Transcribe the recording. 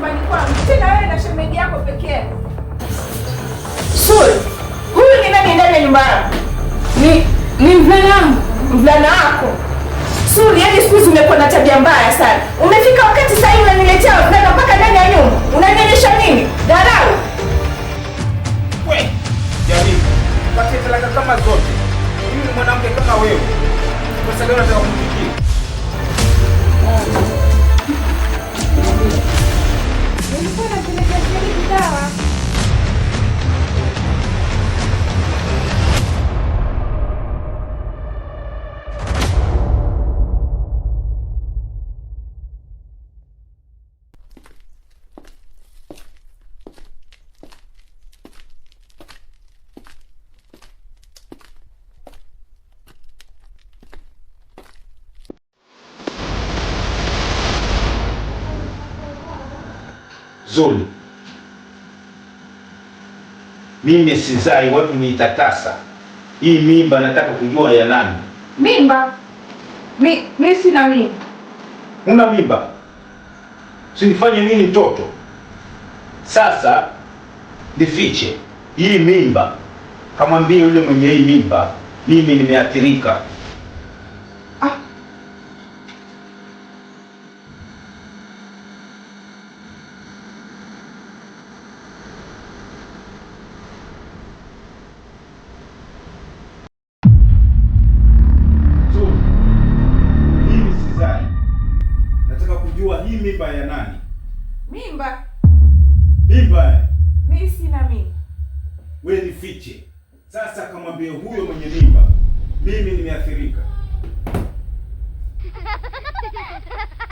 chumbani kwangu, tena wewe na shemeji yako pekee. yako. Sule, huyu ni nani ndani ya nyumba yangu? Ni ni mvulana wangu, mvulana wako. Sule, yaani siku hizi umekuwa na tabia mbaya sana. Umefika wakati sasa hivi unaniletea mvulana mpaka ndani ya nyumba. Unanionyesha nini? Dharau. Wewe, jamii, yaani, kama zote. Mimi ni mwanamke kama wewe. Kwa sababu nataka gonna finish. zuri. Mimi sizai, watu niitatasa hii mimba. Nataka kujua ya nani mimba. Mi, mi sina mimba. Una mimba? Sinifanye nini mtoto sasa? Nifiche hii mimba? Kamwambie yule mwenye hii mimba, mimi nimeathirika. mimba ya nani? Mimba. Mimba. Mimi sina mimba. Wewe ni fiche. Sasa kamwambie huyo mwenye mimba, mimi nimeathirika.